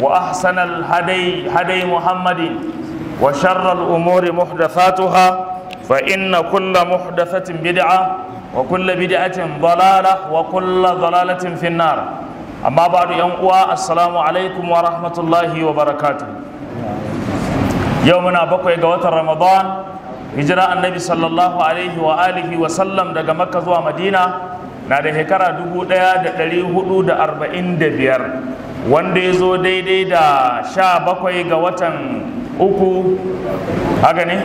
وأحسن الهدي هدي محمد وشر الأمور محدثاتها فإن كل محدثة بدعة وكل بدعة ضلالة وكل ضلالة في النار أما بعد يوم السلام عليكم ورحمة الله وبركاته يومنا بقي قوات رمضان هجرة النبي صلى الله عليه وآله وسلم دقى مكة ومدينة na da shekara 1445 wanda ya zo daidai da sha bakwai ga watan uku haka ne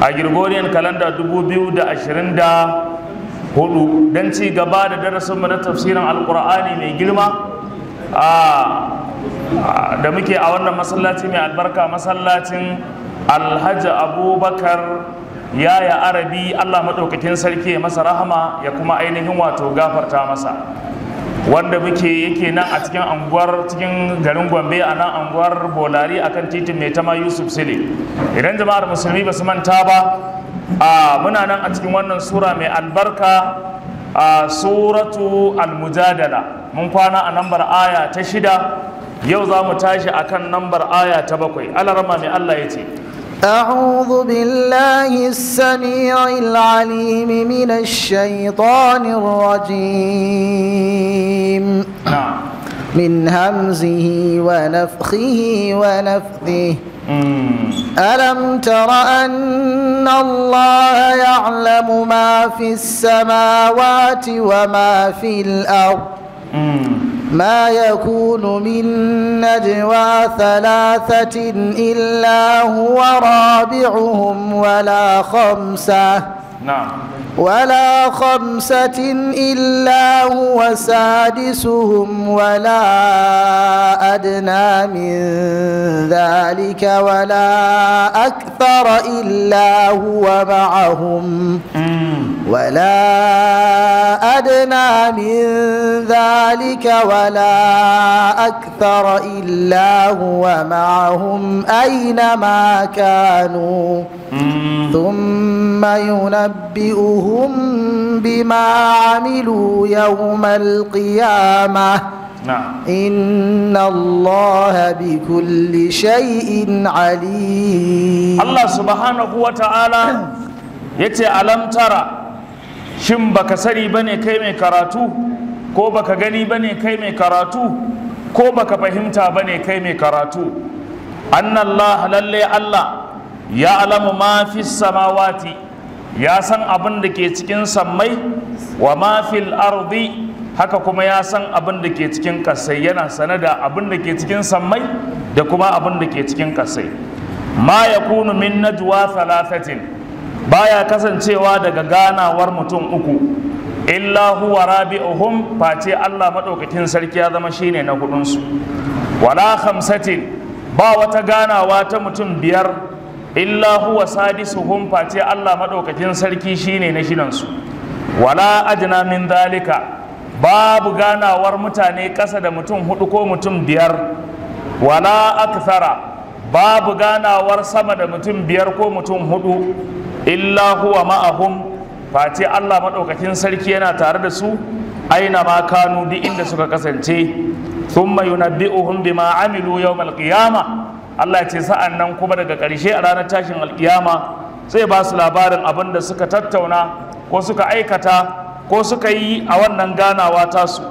a gregorian calendar 2024 don ci gaba da darasinmu na tafsirin alkur'ani mai girma da muke a wannan masallaci mai albarka masallacin alhaji abubakar yaya arabi allah maɗaukakin sarki masa rahama ya kuma ainihin wato gafarta masa wanda muke yake nan a cikin anguwar cikin garin gombe a nan anguwar bolari akan titin mai tama yusuf sile idan jama'ar musulmi ba su manta ba a muna nan a cikin wannan sura mai albarka a suratu almujadala mun kwana a nambar aya ta shida yau za mu tashi akan nambar aya ta bakwai alarma mai allah ya ce أعوذ بالله السميع العليم من الشيطان الرجيم نعم. من همزه ونفخه ونفثه ألم تر أن الله يعلم ما في السماوات وما في الأرض ما يكون من نجوى ثلاثة إلا هو رابعهم ولا خمسة نعم ولا خمسة إلا هو سادسهم ولا أدنى من ذلك ولا أكثر إلا هو معهم ولا أدنى من ذلك ولا أكثر إلا هو معهم أينما كانوا ثم ينبئ ينبئهم بما عملوا يوم القيامة نعم إن الله بكل شيء عليم الله سبحانه وتعالى يتي ألم ترى shin baka sani bane kai mai karatu ko baka gani bane kai mai karatu ko baka fahimta bane kai mai karatu annallah lallai Allah ya alamu ma fi ya san abin da ke cikin sammai wa ma fil ardi haka kuma ya san abin da ke cikin kasai yana sane da abin da ke cikin sammai da kuma abin da ke cikin kasai ma kunu min najwa thalathatin baya kasancewa daga ganawar mutum uku illa huwa rabi'uhum face Allah madaukakin sarki ya zama shine na su wala khamsatin ba wata ganawa ta mutum biyar illa huwa sadisuhum face Allah madaukakin sarki shine na shidansu wala ajna min dalika babu ganawar mutane ƙasa da mutum hudu ko mutum biyar wala akthara babu ganawar sama da mutum biyar ko mutum hudu illa huwa ma'ahum face Allah madaukakin sarki yana tare da su aina ma kanu duk inda suka kasance thumma yunabbi'uhum bima amilu yawmal qiyamah Allah ce sa'an nan kuma daga ƙarshe a ranar tashin alkiyama zai ba su labarin abin da suka tattauna ko suka aikata ko suka yi a wannan ganawa tasu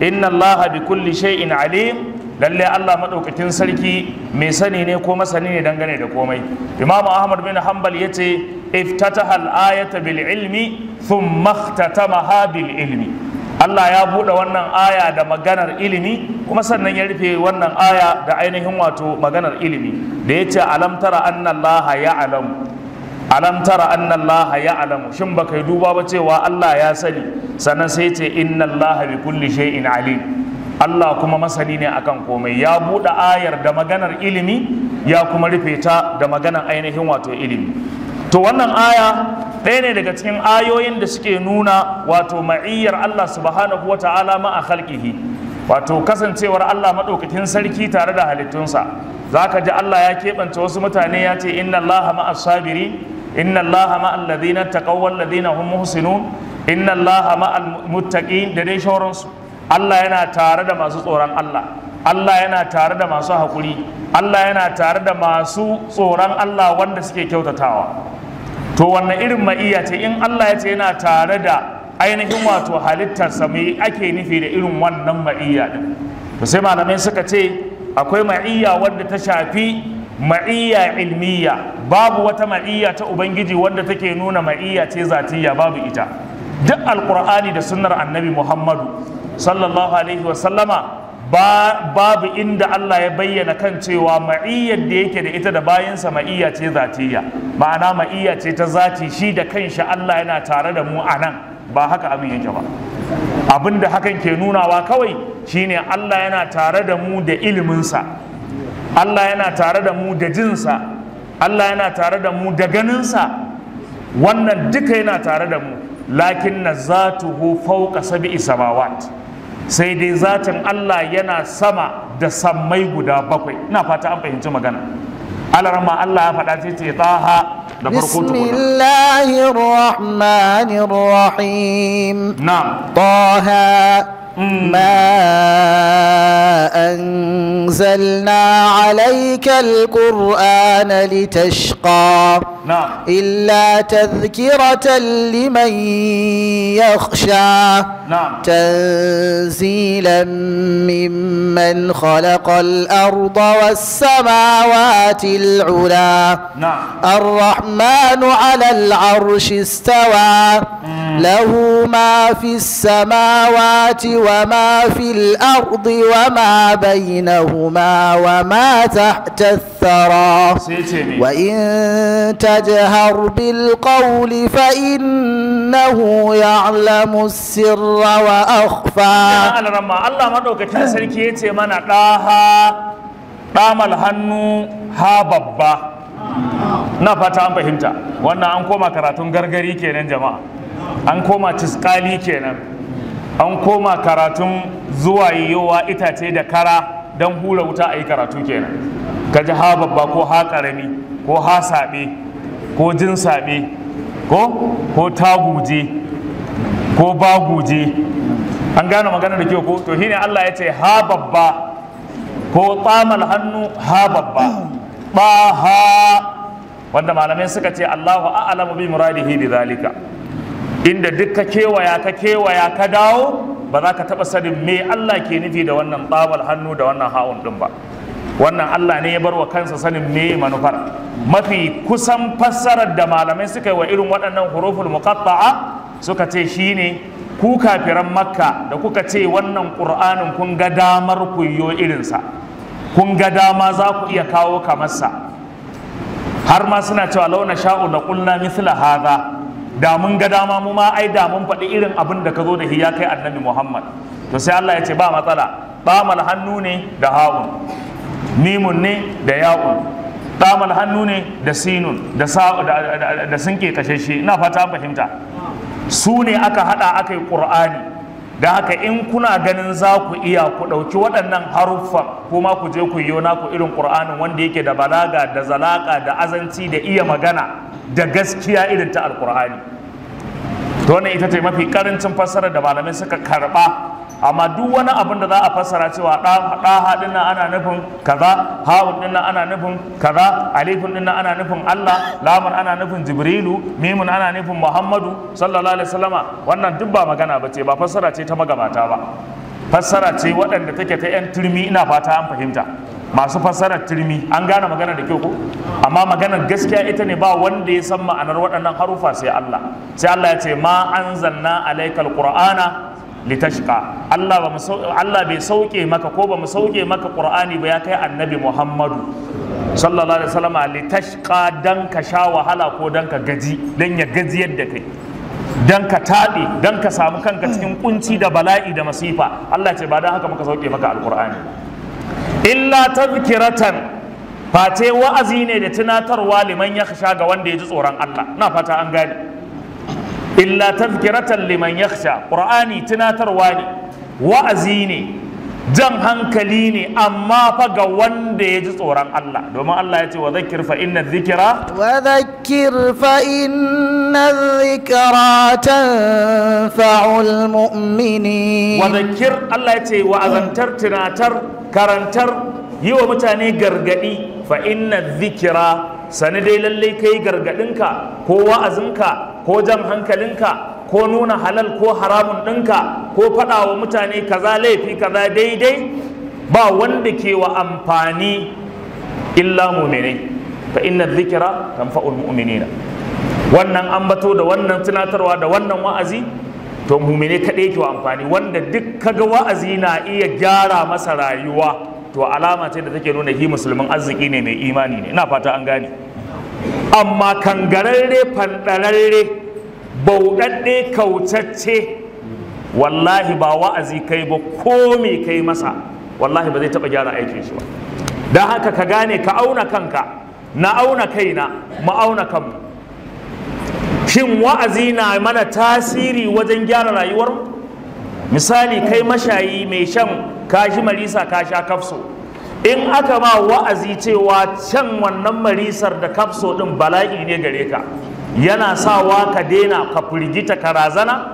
inna Allah bi kulli shay'in alim lalle Allah madaukakin sarki mai sani ne ko masani ne dangane da komai Imam Ahmad bin Hanbal yace iftataha al-ayata bil ilmi thumma ikhtatamaha bil ilmi Allah ya buɗe wannan aya da maganar ilimi kuma sannan ya rufe wannan aya da ainihin wato maganar ilimi da ya ce alamtara annan anna ya alamu alamtara annan anna ya alamu shin ba kai duba ba cewa Allah ya sani sannan sai ce inna Allah bi kulli shay'in alim Allah kuma masani ne akan komai ya buɗe ayar da maganar ilimi ya kuma rufe ta da maganar ainihin wato ilimi to wannan aya ɗaya ne daga cikin ayoyin da suke nuna wato ma'iyyar Allah subhanahu wa ta'ala ma'a khalqihi wato kasancewar Allah maɗaukakin sarki tare da halittunsa Za ka ji Allah ya keɓance wasu mutane ya ce inna Allah ma'a sabiri inna Allah ma'a alladhina taqaw wal hum muhsinun inna Allah ma'a muttaqin da dai shawaransu Allah yana tare da masu tsoron Allah Allah yana tare da masu haƙuri Allah yana tare da masu tsoron Allah wanda suke kyautatawa to wannan irin ma'iya ce in Allah ya ce yana tare da ainihin wato halittar mai ake nufi da irin wannan ma'iyya din to sai malamai suka ce akwai ma'iyya wanda ta shafi ma'iyya ilmiya babu wata ma'iyya ta ubangiji wanda take nuna ma'iyya ce zatiyya babu ita duk alqur'ani da sunnar annabi muhammadu sallallahu alaihi wa sallama babu inda Allah ya bayyana kan cewa ma'iyyar da yake da ita da bayansa ma'iyya ce zatiya. ma'ana ma'iyya ce ta zati shi da kanshi Allah yana tare da mu a nan ba haka abin yake ba abin da hakan ke nunawa kawai shine Allah yana tare da mu da iliminsa Allah yana tare da mu da jinsa Allah yana tare da mu da ganinsa wannan duka yana tare da mu lakin na zatuhu fauka sabi'i samawat sai dai zatin Allah yana sama da sammai guda bakwai ina fata an fahimci magana alarma Allah ya faɗa ce ce taha da farko tukuna bismillahir rahmanir rahim na'am taha ما أنزلنا عليك القرآن لتشقى نعم. إلا تذكرة لمن يخشى نعم. تنزيلا ممن خلق الأرض والسماوات العلا نعم. الرحمن على العرش استوى له ما في السماوات وما في الأرض وما بينهما وما تحت الثرى وإن تجهر بالقول فإنه يعلم السر وأخفى الله ما دوك تنسلكي تمنى ɗaha ɗamal hannu ha babba na fata an fahimta wannan an koma karatun gargari kenan jama'a an koma tiskali kenan an koma karatun zuwa yiwuwa itace da kara don hura wuta a yi karatu kenan ka ji ha babba ko ha karami ko ha saɓe ko jin saɓe ko ko taguje ko baguje an gane magana da kyau ko to shine Allah ya ce ha babba ko tsamal hannu ha babba ba ha wanda malamai suka ce Allahu a'lamu bi muradihi bi zalika inda duk ka kewaya ka kewaya ka dawo ba za ka taɓa sanin me Allah ke nufi da wannan tsawal hannu da wannan ha'un ɗin ba wannan Allah ne ya bar wa kansa sanin me manufar mafi kusan fassarar da malamai suka yi wa irin waɗannan huruful muqatta'a suka ce shine ku kafiran makka da kuka ce wannan qur'anin kun ga damar ku yo irinsa kun ga dama za ku iya kawo kamarsa har ma suna cewa launa sha'u na ƙulla mithla hadha da mun ga dama mu ma ai da mun faɗi irin abin da ka zo da shi ya kai annabi muhammad to sai allah ya ce ba matsala ɗamal hannu ne da ha'un mimun ne da ya'un ɗamal hannu ne da sinun da kashe shi. ina fata fahimta su ne aka haɗa aka yi ƙur'ani da haka in kuna ganin za ku iya ku ɗauki waɗannan haruffan kuma ku je ku yi ku irin ƙur'anin wanda yake da balaga da zalaƙa da azanci da iya magana da gaskiya irin ta alƙur'ani to wannan ita ce mafi karancin fassara da malamai suka karba amma duk wani abin da za a fassara cewa ɗaha ɗin nan ana nufin kaza Hawun ɗin nan ana nufin kaza alifin ɗin nan ana nufin Allah lamun ana nufin Jibrilu mimun ana nufin Muhammadu sallallahu alaihi wasallama wannan duk ba magana ba ce ba fassara ce ta magabata ba fassara ce waɗanda take ta 'yan turmi ina fata an fahimta masu fassarar turmi an gane magana da kyau ko amma magana gaskiya ita ne ba wanda ya san ma'anar waɗannan harufa sai Allah sai Allah ya ce ma zanna alaikal qur'ana litashqa Allah ba Allah bai sauke maka ko ba mu sauke maka qur'ani ba ya kai annabi Muhammadu sallallahu alaihi wasallam litashqa dan ka sha wahala ko dan ka gaji dan ya gajiyar da kai dan ka taɓe dan ka samu kanka cikin kunci da bala'i da masifa Allah ce ba dan haka muka sauke maka alqur'ani illa tazkiratan face wa'azi ne da tunatarwa liman ya ga wanda ya ji tsoron Allah na fata an gane illa tazkiratan liman ya sha ƙurani tunatarwa ne wa'azi ne jan hankali ne amma fa ga wanda ya ji tsoron Allah domin Allah ya ce wa zakir fa inna zikira wa zakir fa inna zikira fa'ul mu'mini wa zakir Allah ya ce wa azantar tunatar karantar yi wa mutane gargadi fa inna zikira sani dai lallai kai gargadinka ko wa'azinka ko jan hankalinka ko nuna halal ko haramun ɗinka ko faɗa wa mutane kaza laifi kaza daidai ba wanda ke wa amfani illa muminai fa inna dhikra tanfa'ul mu'minina wannan ambato da wannan tunatarwa da wannan wa'azi to mumine kaɗai ke wa amfani wanda duk kaga wa'azi na iya gyara masa rayuwa to alama ce da take nuna hi musulmin arziki ne mai imani ne ina fata an gane amma kangararre fanɗararre bauɗaɗɗe kautacce wallahi ba wa'azi kai ba ko me kai masa wallahi ba zai taɓa gyara aikin shi ba don haka ka gane ka auna kanka na auna kaina mu auna kanmu shin wa'azi na mana tasiri wajen gyara rayuwar misali kai mashayi mai shan kashi marisa kasha kafso in aka ma wa'azi cewa can wannan marisar da kafso din bala'i ne gare ka yana sawa ka daina ka firgita ka razana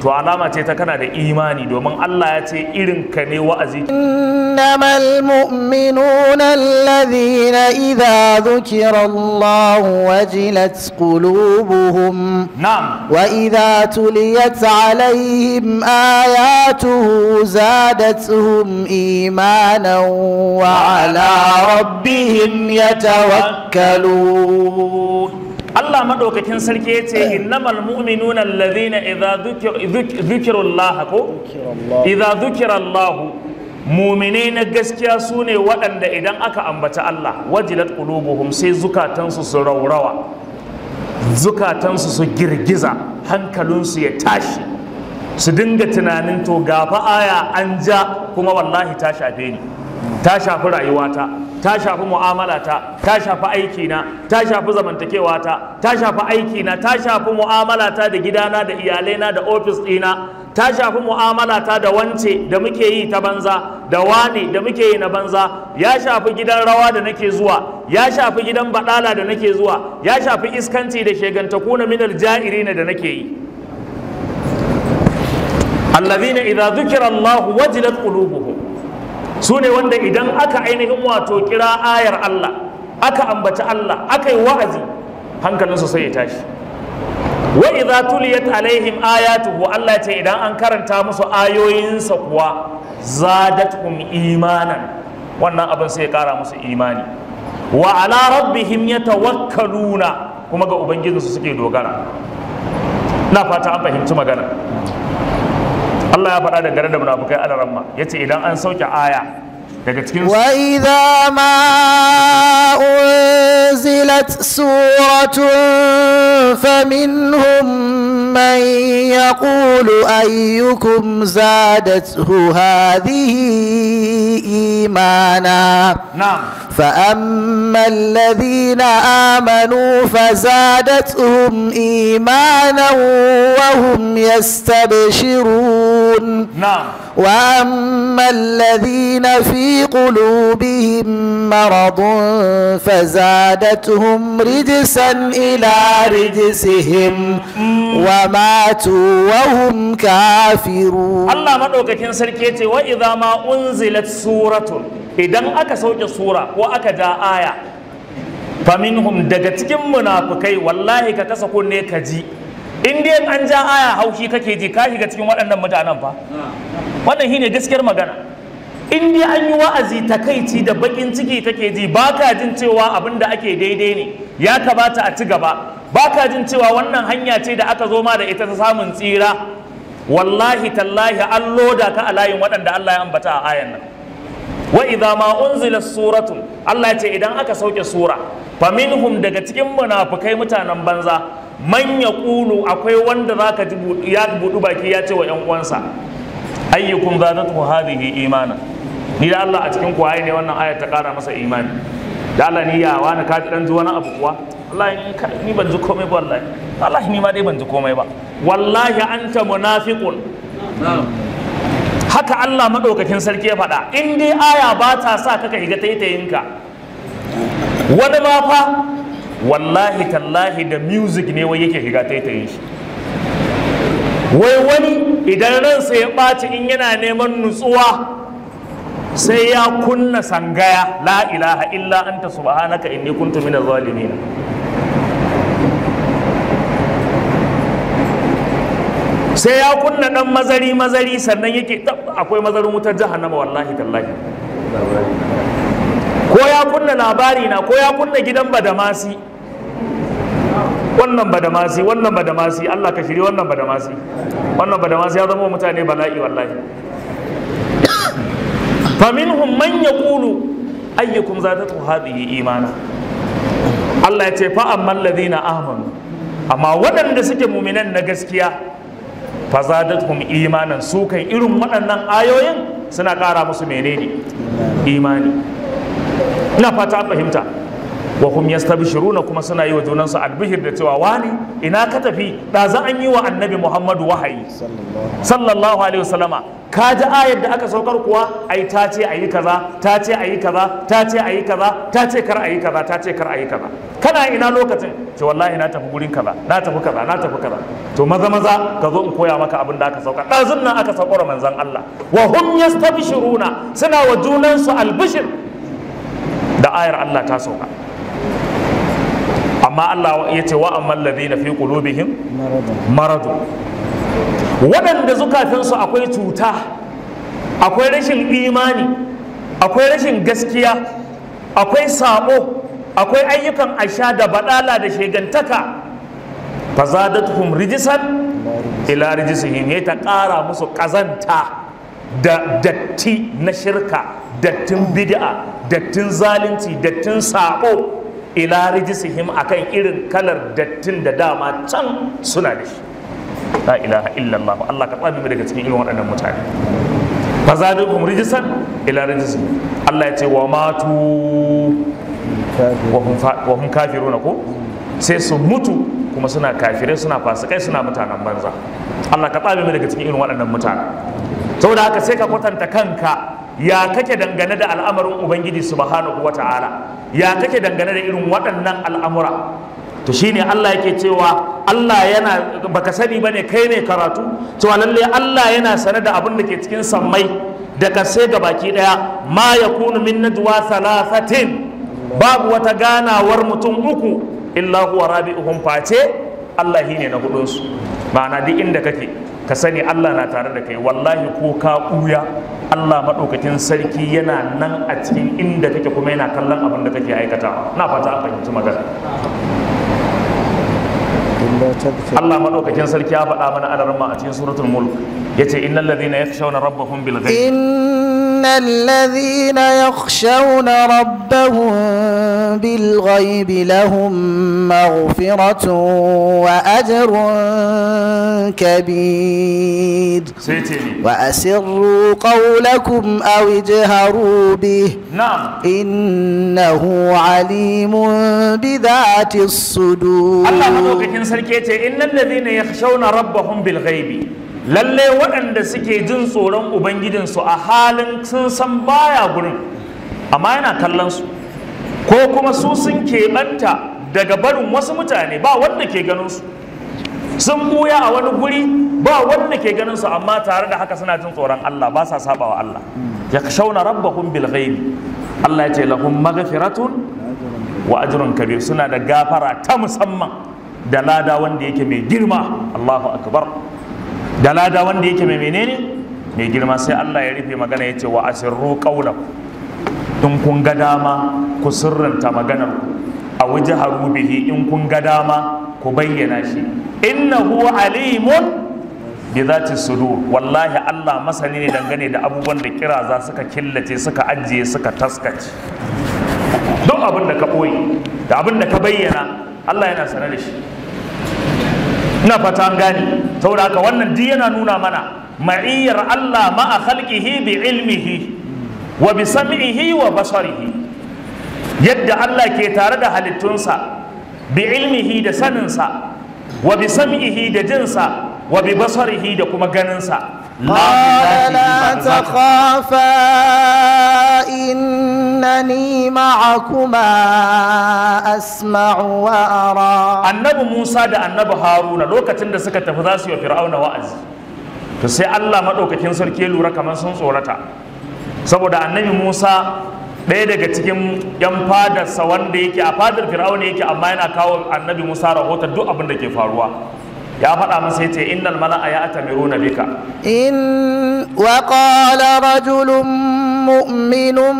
to alama ce ta kana da imani domin Allah ya ce irin ka ne wa'azi innamal mu'minuna alladhina idza dhukira Allah wajilat qulubuhum na'am wa idza tuliyat alaihim ayatuhu zadatuhum imanan wa ala rabbihim yatawakkalun Allah madaukakin sarki ya ce innamal mu'minuna alladhina idza dhukira Allah ko idza Allah mu'mine na gaskiya sune waɗanda idan aka ambata Allah wajilat qulubuhum sai zukatansu su raurawa zukatansu su girgiza hankalinsu ya tashi su dinga tunanin to gafa aya an ja kuma wallahi ta shafe ni ta shafi rayuwata ta shafi mu'amala ta ta shafi aiki na ta shafi zamantakewa ta ta shafi aiki na ta shafi mu'amala ta da gidana da iyalaina da ofis ɗina ta shafi mu'amala ta da wance da muke yi ta banza da wane da muke yi na banza ya shafi gidan rawa da nake zuwa ya shafi gidan baɗala da nake zuwa ya shafi iskanci da shegantaku na minal jahirina da nake yi allazina idza dhukira allah wajilat qulubuhum su ne wanda idan aka ainihin wato kira ayar Allah aka ambaci Allah aka yi wa'azi hankalinsu sai ya tashi wa idza tuliyat alaihim ayatuhu Allah ce idan an karanta musu ayoyinsa kuwa zadatkum imanan wannan abin sai ya kara musu imani wa ala rabbihim yatawakkaluna kuma ga ubangijinsu suke dogara na fata an fahimci magana Allah ya faɗa dangane da munafukai alaramma ya ce idan an sauke aya daga cikin وإذا ما أنزلت سورة فمنهم من يقول أيكم زادته هذه إيمانا نعم فأما الذين آمنوا فزادتهم إيمانا وهم يستبشرون نعم واما الذين في قلوبهم مرض فزادتهم رجسا الى رجسهم وماتوا وهم كافرون الله مدوكاكين سركيتي واذا ما انزلت سوره idan aka sauke sura ko aka ja aya faminhum daga cikin munafukai wallahi ka kasa kunne ka ji in dai an ja aya haushi kake ji ka shiga cikin waɗannan mutanen fa wannan shine gaskiyar magana in dai an yi wa'azi takaici da bakin ciki kake ji baka jin cewa abin da ake daidai ne ya kamata a ci gaba baka jin cewa wannan hanya ce da aka zo ma da ita ta samun tsira wallahi tallahi an loda ka a layin waɗanda Allah ya ambata a ayan nan wa idza ma unzila suratun Allah ya ce idan aka sauke sura faminhum daga cikin munafukai mutanen banza man ya kulu akwai wanda za ka ya buɗu baki ya ce wa ‘yan uwansa ayyukun za ta hadhihi imana ni da Allah a cikin kwaye ne wannan ayar ta ƙara masa imani da Allah ni yawa na kaji ɗan ji wani abu kuwa wallahi ni ban ji komai ba wallahi wallahi ni ma dai ban ji komai ba wallahi anta munafiqun haka Allah madaukakin sarki ya faɗa in dai aya ba ta sa kaka higa taitayinka wani ma fa wallahi tallahi da music ne wai yake shiga yi shi wai wani idan ransa ya ɓaci in yana neman nutsuwa sai ya kunna sangaya la ilaha illa anta subhanaka inni kuntu minaz zalimin sai ya kunna dan mazari mazari sannan yake akwai mazarin wutar jahannama wallahi tallahi ko ya kunna labari na ko ya kunna gidan badamasi wannan badamasi wannan badamasi Allah ka shiri wannan badamasi wannan badamasi ya zama mutane bala'i wallahi Fa minhum man yaqulu ayyukum zadatu hadhihi imana Allah ya ce fa amman ladina amanu amma waɗanda suke muminan na gaskiya fa zadatuhum imanan su kan irin waɗannan ayoyin suna ƙara musu menene imani ina fata fahimta wa hum yastabshiruna kuma suna yi wa junansu albihir da cewa wani ina ka tafi da za an yi wa annabi Muhammadu wahayi sallallahu alaihi wasallama ka ji ayar da aka saukar kuwa ai ta ce ayi kaza ta ce ayi kaza ta ce ayi kaza ta ce kar ayi kaza ta ce kar ayi kaza kana ina lokacin ce wallahi na tafi gurin kaza na tafi kaza na tafi kaza to maza maza ka zo in koya maka abin da aka sauka dazun nan aka saukar manzon Allah wa hum yastabshiruna suna wa junansu albishir da ayar Allah ta sauka amma Allah ya ce wa amman na fi qulubihim maradu waɗanda zukafinsu akwai cuta akwai rashin imani akwai rashin gaskiya akwai sabo akwai ayyukan asha da baɗala da shegantaka fazadatuhum rijisan ila rijisihim ya ta ƙara musu ƙazanta da datti na shirka dattin bid'a dattin zalunci dattin sabo ila rijisihim akan irin kalar dattin da dama can suna da shi la ilaha illallah Allah ka tsami tsabi daga cikin irin waɗannan mutane fazadukum rijisan ila rijisihim Allah ya ce wa matu wa hum kafiruna ko sai su mutu kuma suna kafirai suna fasikai suna mutanen banza Allah ka tsami tsabi daga cikin irin waɗannan mutane saboda haka sai ka kwatanta kanka ya kake dangane da al'amarin ubangiji subhanahu ta'ala? ya kake dangane da irin waɗannan al'amura to shine Allah yake cewa Allah yana baka sani bane kai ne karatu to lalle Allah yana sane da abin da ke cikin sammai da sai ga baki daya ma yakunu min najwa thalathatin babu wata ganawar mutum uku illa huwa rabi'uhum face Allah shine na su ma'ana duk inda kake ka sani Allah na tare da kai wallahi ko ka ɓuya Allah maɗaukakin sarki yana nan a cikin inda kake kuma yana kallon abin da kake aikata na fata a fahimci magana Allah maɗaukakin sarki ya faɗa mana alarma a cikin suratul mulk yace innal ya yakhshawna rabbahum bil ghaib إن الذين يخشون ربهم بالغيب لهم مغفرة وأجر كبير وأسروا قولكم أو اجهروا به نعم إنه عليم بذات الصدور الله إن الذين يخشون ربهم بالغيب lalle waɗanda suke jin tsoron ubangijinsu a halin sun san baya gurin amma yana kallon su ko kuma su sun keɓanta daga barin wasu mutane ba wanda ke ganin su sun buya a wani guri ba wanda ke ganin su amma tare da haka suna jin tsoron Allah ba sa saba wa Allah ya shauna rabbahum bil ghaibi Allah ya ce lahum maghfiratun wa ajrun kabir suna da gafara ta musamman da lada wanda yake mai girma Allahu akbar da lada wanda yake mai menene mai girma sai Allah ya rufe magana ya ce wa asirru qawla in kun ga dama ku sirranta maganar ku a wajharu bihi in kun ga dama ku bayyana shi huwa alimun bi zati sudur wallahi Allah masani ne dangane da abubuwan da kira za suka killace suka ajiye suka taskace don abin da ka boye da abin da ka bayyana Allah yana sanar da shi ina fata an saboda haka wannan duk yana nuna mana ma'iyyar Allah ma'a khalqihi bi ilmihi wa bi sam'ihi wa basarihi yadda Allah ke tare da halittunsa bi ilmihi da saninsa wa bi sam'ihi da jinsa wa bi basarihi da kuma ganinsa قال لا تخافا إنني معكما أسمع وأرى النبي موسى ده النبي هارون لو كتن ده سكت فضاسي وفرعون وأز فسي الله مدعو كتن سركي لورا كمان سنصورتا سبو ده النبي موسى ɗaya daga cikin yan fadarsa wanda yake a fadar fir'auna yake amma yana kawo annabi musa rahoton duk abin da ke faruwa ya faɗa masa yace innal mala'a ya na bika in wa qala rajulun mu'minun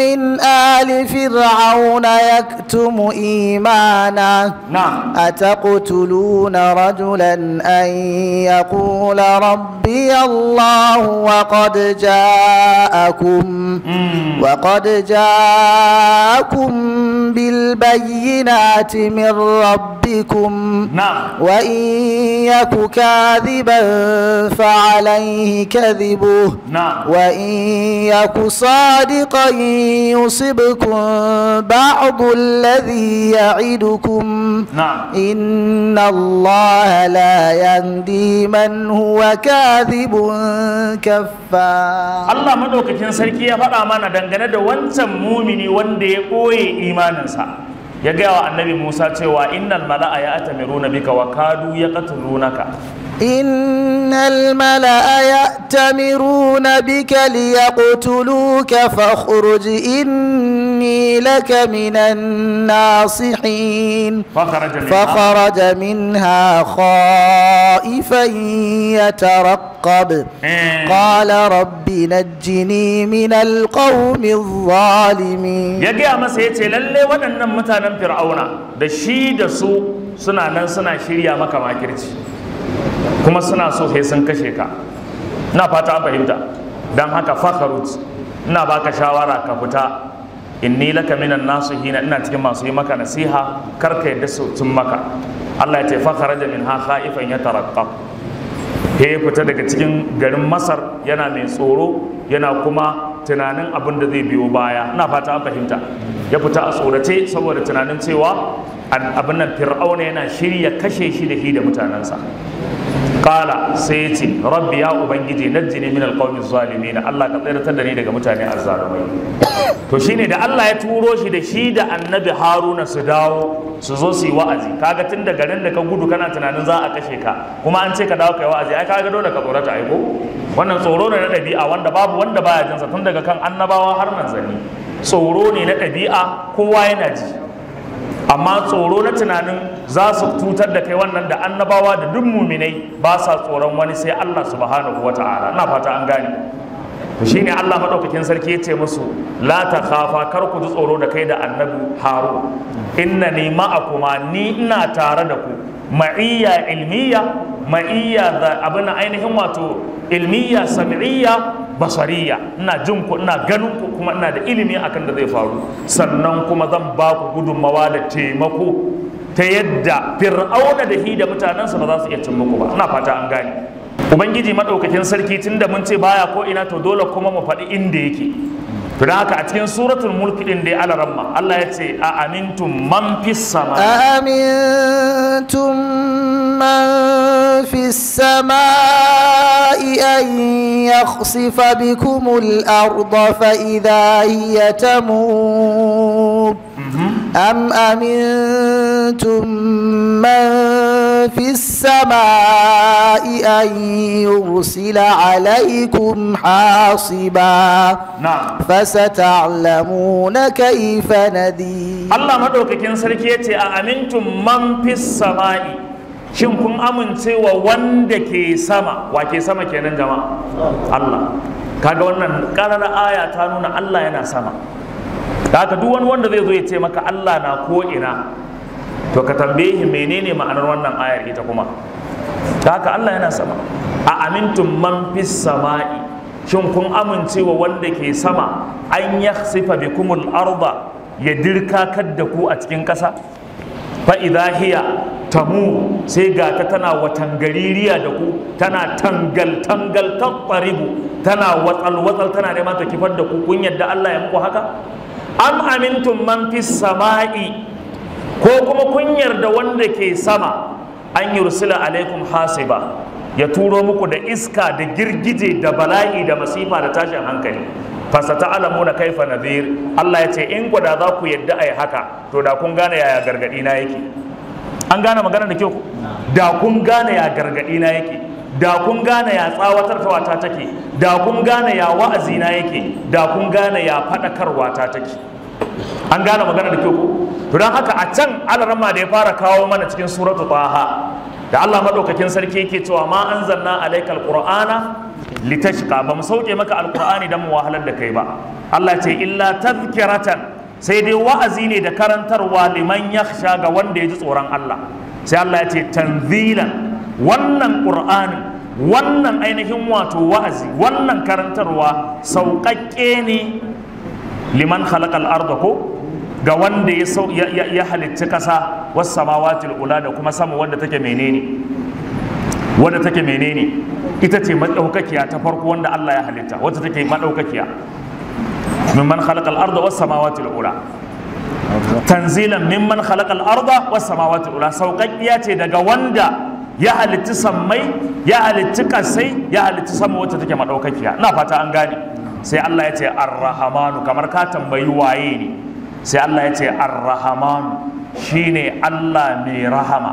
min ali fir'auna yaktumu imana na'am ataqtuluna rajulan an yaqula rabbi allah wa qad ja'akum hmm. wa qad ja'akum بالبينات من ربكم نعم وإن يك كاذبا فعليه كذبه نعم وإن يك صادقا يصبكم بعض الذي يعدكم نعم إن الله لا يهدي من هو كاذب كفار الله مدوكتين سركي يا فدا mana dangane da wancan mumini wanda ya ɓoye imanin kansa ya gaya wa annabi musa cewa innal mala'a ya atamiruna bika wa kadu ya ka. إن الملأ يأتمرون بك ليقتلوك فاخرج إني لك من الناصحين فخرج منها, فخرج منها خائفا يترقب قال رب نجني من القوم الظالمين يجي أما سيتي للي ودن متانا فرعون دشيد سوء سنة سنة شريا مكا ماكرتي kuma suna so sai sun kashe ka na fata fahimta don haka fakharut ina baka shawara ka fita inni laka minan hina ina cikin masu yi maka nasiha kar ka yadda tun maka Allah ya ce fakharaja min ha khaifan Ya he fita daga cikin garin Masar yana mai tsoro yana kuma tunanin abin da zai biyo baya ina fata an fahimta ya fita a tsorace saboda tunanin cewa abin nan fir'auna yana shirya kashe shi da shi da mutanensa kala sai ya ce rabbi ya ubangiji najjini min alqawmi zalimin Allah ka tsayar da ni daga mutane azzalumai to shine da Allah ya turo shi da shi da annabi Haruna su dawo su zo su yi wa'azi kaga tun da garin da ka gudu kana tunanin za a kashe ka kuma an ce ka dawo kai wa'azi ai kaga dole ka tsorata ai ko wannan tsoro ne na ɗabi'a wanda babu wanda baya jinsa tun daga kan annabawa har manzanni tsoro ne na ɗabi'a kowa yana ji amma tsoro na tunanin za su cutar da kai wannan da annabawa da duk muminai ba sa tsoron wani sai Allah subhanahu wata'ala ina fata an gane to shine Allah madaukakin sarki ya ce musu la ta khafa kar ku ji tsoro da kai da annabi haru ni ma'akuma ni ina tare da ku ma'iyya ilmiya ma'iyya abin ainihin wato ilmiya sam'iyya basariya ina jin ku ina ganin ku kuma ina da ilimi akan da zai faru sannan kuma zan ba ku gudunmawa da taimako ta yadda fir'auna da hida da mutanensa ba za su iya cin muku ba ina fata an gane ubangiji madaukakin sarki tunda mun ce baya ko ina to dole kuma mu faɗi inda yake to da haka a cikin suratul mulk din dai alaramma Allah ya ce a amintum man fis sama amintum man fis sama'i an yakhsifa bikumul arda fa idha hiya tamur mhm. am amintum man fis sama. أن يرسل عليكم حاصبا نعم فستعلمون كيف نذير الله مدوك كن سركيتي أأمنتم من في السماء shin kun amincewa wanda ke sama wa kenan jama'a kaga wannan karar aya ta nuna yana sama haka duk wani wanda zai zo ya ce maka Allah na ko ina to ka tambaye shi menene ma'anar wannan ayar ita kuma haka Allah yana sama a amintun man fis sama'i shin kun amincewa wanda ke sama an ya sifa bi kumul arda ya dirka da ku a cikin ƙasa fa hiya tamu sai gata tana watangaririya da ku tana tangal tangal tattaribu tana watsal watsal tana nema ta kifar da ku kun yadda Allah ya muku haka am amintun man fis sama'i ko kuma kun yarda wanda ke sama an yursila alaikum hasiba ya turo muku da iska da girgije da bala'i da masifa da tashin hankali fasata alamu na kaifa nadhir Allah ya ce in gwada za ku yadda a yi haka to da kun gane yaya gargadi na yake an gane magana da kyau da kun gane ya gargadi na yake da kun gane ya tsawatar ta take da kun gane ya wa'azi na yake da kun gane ya faɗakarwa ta take an gane magana da kyau to don haka a can alarama da ya fara kawo mana cikin suratu taha da Allah madaukakin sarki yake cewa ma zanna alayka alqur'ana litashqa ba mu sauke maka alqur'ani dan mu wahalar da kai ba Allah ce illa tadhkiratan sai dai wa'azi ne da karantarwa liman yakhsha ga wanda ya ji tsoron Allah sai Allah ya ce tanzilan wannan qur'anin wannan ainihin wato wa'azi wannan karantarwa sauƙaƙƙe ne liman khalaqal arda ko ga wanda ya halicci kasa wasu samawatil ula da kuma samu wanda take menene wanda take menene ita ce maɗaukakiya ta farko wanda Allah ya halitta wata take maɗaukakiya madaukakiya mimman khalaqal arda was samawati al ula tanzilan mimman khalaqal arda was samawati al ula sauƙaƙiya ce daga wanda ya halitti sammai ya halitti kasai ya halitti sama wata take maɗaukakiya ina fata an gane sai Allah ya ce ar-rahmanu kamar ka tambayi waye ne sai Allah ya ce ar shine Allah mai rahama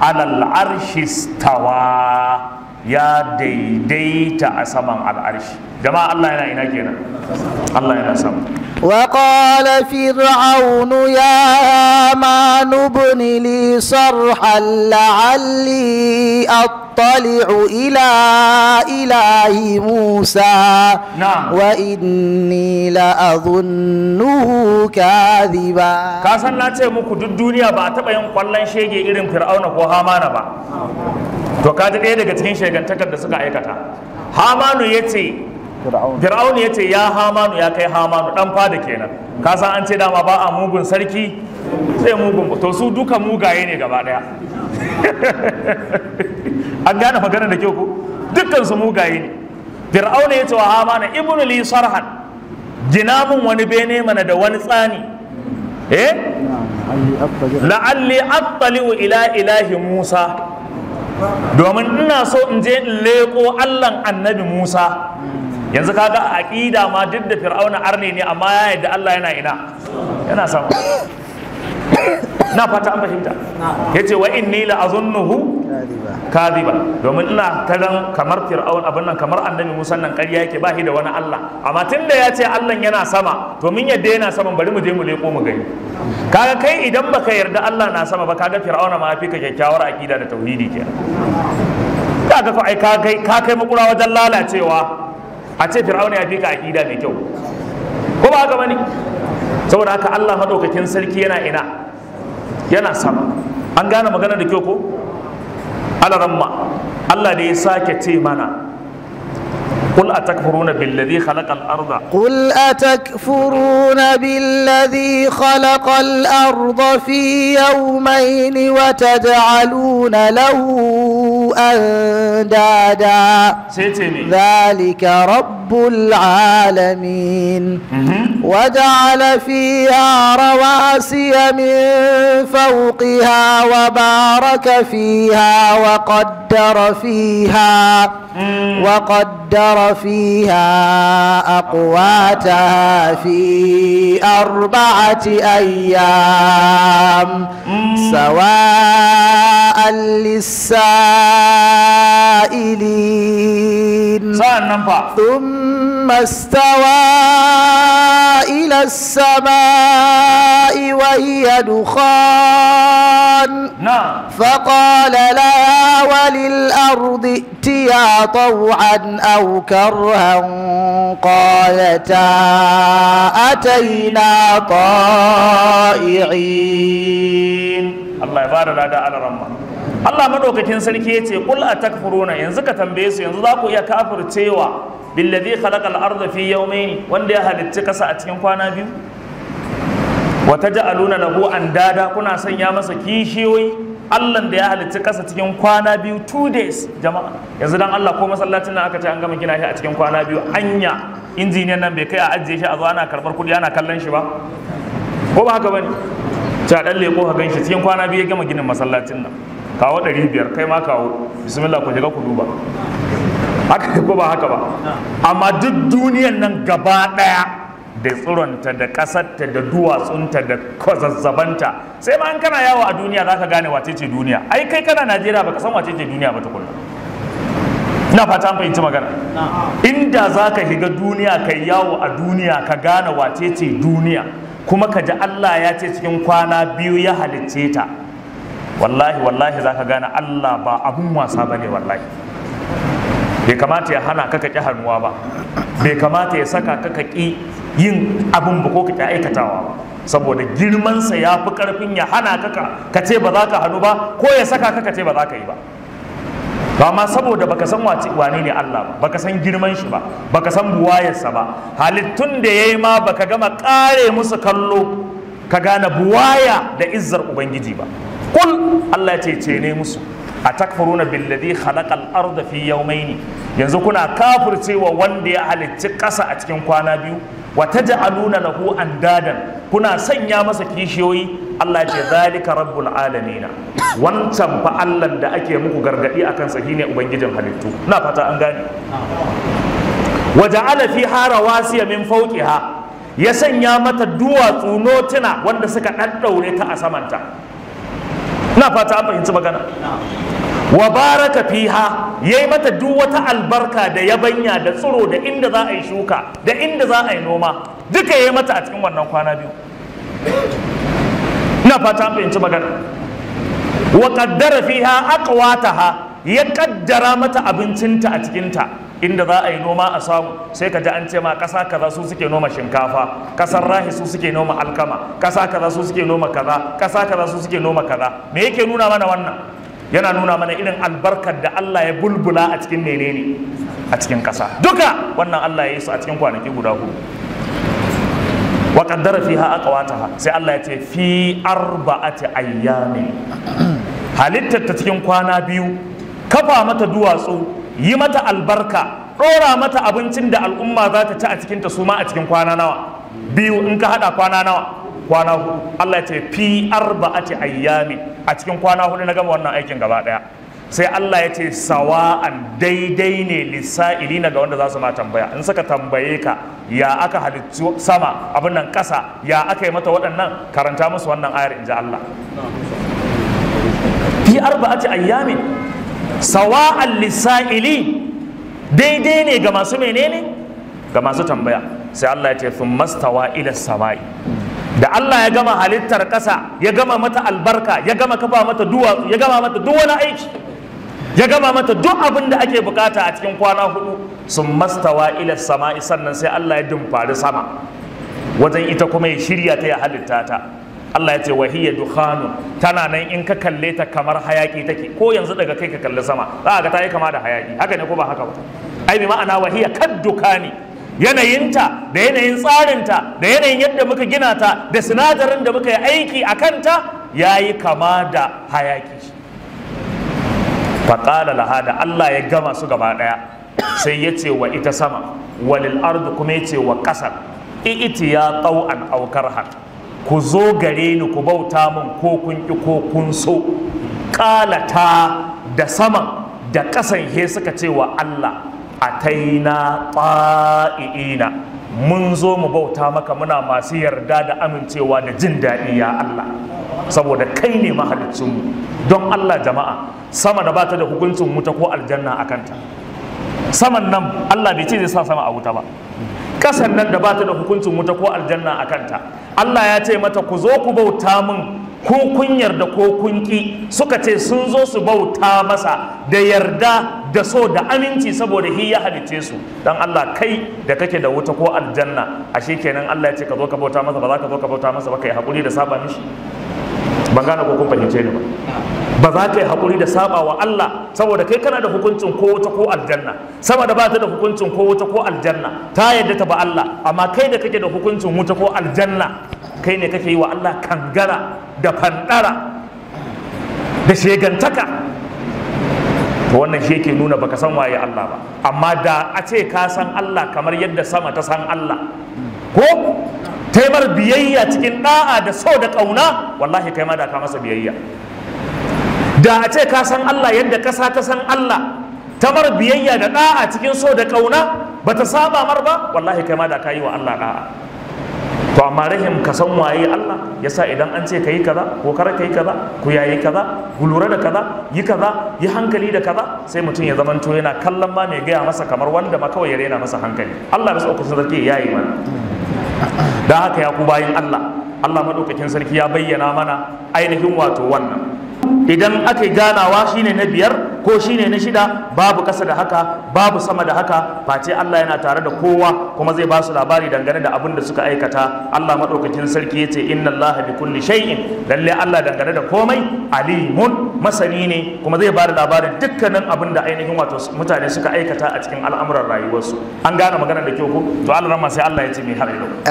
alal arshi stawa ya daidaita a saman al'arshi jama'a Allah yana ina kenan Allah yana sama وقال فرعون يا هامان ابن لي صرحا لعلي أطلع إلى إله موسى نعم وإني لأظنه كاذبا كاسان ناتي مكو دو الدنيا با تبا يوم قلن شيء إرم فرعون وهامان با to kaji ɗaya daga cikin shagantakar da suka aikata hamanu ya ce fir'aun ya ce ya hamanu ya kai hamanu dan fada kenan ka san an ce dama ba a mugun sarki sai mugun to su duka mugaye ne gaba daya an gane magana da kyau ko dukkan su mugaye ne fir'aun ya ce wa hamanu ibnu li sarhan gina wani bene mana da wani tsani eh la'alli attali'u ila ilahi musa domin ina so in je in leƙo allan annabi musa yanzu kaga a aƙida ma duk da fir'auna arne ne amma ya yadda allah yana ina yana sama na fata an fahimta ya ce wa inni la azunnuhu kadhiba domin ina karan kamar fir'aun abin nan kamar annabi musa nan ƙarya yake ba shi da wani allah amma da ya ce allah yana sama to min yadda yana sama bari mu je mu leƙo mu gani kaga kai idan baka yarda allah na sama ba kaga fir'auna ma fi ka kyakkyawar akida da tauhidi kenan kaga ko ai ka kai ka kai makura wajen lalacewa a ce fir'auna ya fi ka akida mai kyau ko ba haka bane saboda haka allah madaukakin sarki yana ina yana sama an gane magana da kyau ko alaramma Allah ne ya sake ce mana قل أتكفرون بالذي خلق الأرض قل أتكفرون بالذي خلق الأرض في يومين وتجعلون له أندادا ذلك رب العالمين وجعل فيها رواسي من فوقها وبارك فيها وقدر فيها وقدر فيها أقواتها في أربعة أيام سواء للسائلين ثم استوى إلى السماء وهي دخان نعم فقال لا وللأرض ائتيا طوعا أو كرها قالتا أتينا طائعين الله يبارك على رمضان Allah madaukakin sarki ya ce kul atakfuruna yanzu ka tambaye su yanzu za ku iya kafircewa billadhi khalaqal arda fi yawmayn wanda ya halicci kasa a cikin kwana biyu wa taj'aluna lahu andada kuna sanya masa kishiyoyi Allah da ya halicci kasa cikin kwana biyu two days jama'a yanzu dan Allah ko masallacin nan aka ce an gama gina shi a cikin kwana biyu anya injiniyan nan bai kai a ajiye shi a zo ana karbar kuɗi ana kallon shi ba ko ba haka bane ta dan leko ka ganshi cikin kwana biyu ya gama ginin masallacin nan kawo 500 kai ma kawo bismillah ku shiga ku duba haka ko ba haka ba amma duk duniyan nan gaba daya da tsironta da kasarta da duwatsunta da kwazazzabanta sai ma an kana yawo a duniya za ka gane wace ce duniya ai kai kana najeriya baka san wace ce duniya ba tukunna ina fata fahimci magana inda za ka shiga duniya ka yawo a duniya ka gane wace ce duniya kuma ka ji allah ya ce cikin kwana biyu ya halicce ta wallahi wallahi zaka gane Allah ba abun wasa bane wallahi bai kamata ya hana ka ki hannuwa ba bai kamata ya saka ka ki yin abun ba ko ka aikatawa ba saboda girmansa ya fi karfin ya hana ka ka ce ba za ka hannu ba ko ya saka ka ka ce ba za ka yi ba ba ma saboda baka san wane ne Allah ba baka san girman shi ba baka san buwayarsa ba halittun da yayi ma baka gama kare musu kallo ka gane buwaya da izzar ubangiji ba kul Allah ce ce ne musu a takfuruna billadhi khalaqal arda fi yawmayni yanzu kuna cewa wanda ya halicci ƙasa a cikin kwana biyu wa taj'aluna lahu andadan kuna sanya masa kishiyoyi Allah ce zalika rabbul na. wancan fa Allah da ake muku gargadi akan sa ne ubangijin halittu na fata an gane wa ja'ala fiha rawasiya min fawqiha ya sanya mata duwatsu notuna wanda suka daddaure ta a samanta na fata an fahimci magana wa baraka fiha yayi mata duk wata albarka da yabanya da tsiro da inda za a yi shuka da inda za a yi noma duka yayi mata a cikin wannan kwana biyu ina fata an fahimci magana wa qaddara fiha aqwataha ya kaddara mata abincinta a cikinta inda za a yi noma a samu sai ka ji an ce ma kasa kaza su suke noma shinkafa ƙasar rahi su suke noma alkama kasa kaza su suke noma kaza kasa kaza su suke noma kaza me yake nuna mana wannan yana nuna mana irin albarkar da Allah ya bulbula a cikin menene a cikin ƙasa duka wannan Allah ya yi su a cikin kwanaki guda hudu wa qaddara fiha aqwataha sai Allah ya ce fi arba'ati ayyamin halittar ta cikin kwana biyu kafa mata duwatsu yi mata albarka ɗora mata abincin da al'umma za ta ci a cikinta su ma a cikin kwana nawa biyu in ka haɗa kwana nawa kwana hudu Allah ya ce fi arba'ati ayyami a cikin kwana hudu na gama wannan aikin gaba ɗaya sai Allah ya ce sawa'an daidai ne lissa'ili na ga wanda za su ma tambaya in suka tambaye ka ya aka halittu sama abin nan ƙasa ya aka yi mata waɗannan karanta musu wannan ayar in ji Allah fi arba'ati ayyami. sawa'an lisa'ili daidai ne ga masu menene ga masu tambaya sai Allah ya ce sun mastawa ila sama'i da Allah ya gama halittar ƙasa ya gama mata albarka ya gama kafa mata duwatsu ya gama mata duk wani aiki ya gama mata duk abin da ake bukata a cikin kwana hudu sun mastawa ila sama'i sannan sai Allah ya dumfari sama wajen ita kuma ya shirya ta ya halitta ta Allah ya ce wahiyya dukhanu tana nan in ka kalle ta kamar hayaki take ko yanzu daga kai ka kalli sama za ka ga ta yi kama da hayaki haka ne ko ba haka ba ai bi ma'ana wahiyya kad dukani yanayinta da yanayin tsarinta da yanayin yadda muka gina ta da sinadarin da muka yi aiki a kanta ya yi kama da hayaki faƙala lahada Allah ya gama su gaba ɗaya sai ya ce wa ita sama walil ardu kuma ya ce wa ƙasar iti ya ƙau'an aukar har ku zo gare ni ku bauta min ko kun ki ko kun so ƙalata da saman da kasan he suka ce wa Allah ataina ta'iina mun zo mu bauta maka muna masu yarda da amincewa da jin daɗi ya Allah saboda kai ne mu don Allah jama'a sama da bata da hukuncin wuta ko aljanna akanta kanta saman nan Allah bai ce zai sa sama a wuta ba Kasan nan da bata da hukuncin wuta ko aljanna a kanta Allah ya ce mata ku zo ku bauta min ko kun yarda ko kun ki suka ce sun zo su bauta masa da yarda da so da aminci saboda hi ya halice su dan Allah kai da kake da wuta ko aljanna ashe kenan Allah ya ce ka zo ka bauta masa ba za ka zo ka bauta masa ba kai hakuri da saba mishi ban gane ko kun fahimce ni ba ba za ka yi haƙuri da saba wa Allah saboda kai kana da hukuncin ko wuta ko aljanna sama da ba ta da hukuncin ko wuta ko aljanna ta yadda ta ba Allah amma kai da kake da hukuncin wuta ko aljanna kai ne kake yi wa Allah kangara da fandara da shegantaka wannan shi yake nuna baka san waye Allah ba amma da a ce ka san Allah kamar yadda sama ta san Allah ko kai mar biyayya cikin da'a da so da ƙauna wallahi kai da ka masa biyayya da a ce ka san Allah yadda ƙasa ta san Allah ta mar biyayya da da'a cikin so da ƙauna ba ta saba mar ba wallahi kai da ka yi wa Allah da'a to amma rahim ka san waye Allah yasa idan an ce ka yi kaza ko kar ka yi kaza ku yayi kaza ku lura da kaza yi kaza yi hankali da kaza sai mutum ya zaman zamanto yana kallon ma mai gaya masa kamar wanda ma kawai ya rena masa hankali Allah da sauƙin sarki ya yi mana don haka ya ku bayan Allah Allah madaukakin sarki ya bayyana mana ainihin wato wannan idan aka yi ganawa shine na biyar ko shine na shida babu kasa da haka babu sama da haka face Allah yana tare da kowa kuma zai ba su labari dangane da abin da suka aikata Allah madaukakin sarki ya ce inna Allah bi kulli shay'in lalle Allah dangane da komai alimun masani ne kuma zai ba da labarin dukkanin abin da ainihin wato mutane suka aikata a cikin al'amuran rayuwarsu an gane magana da kyau ko to Allah sai Allah ya ce mai har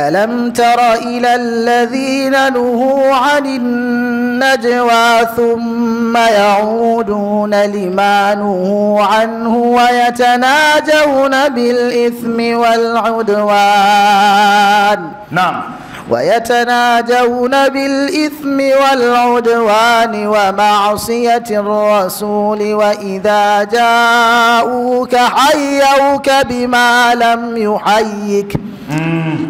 alam tara ila alladhina nuhu 'anil النجوى ثم يعودون لما نهوا عنه ويتناجون بالإثم والعدوان نعم ويتناجون بالإثم والعدوان ومعصية الرسول وإذا جاءوك حيوك بما لم يحيك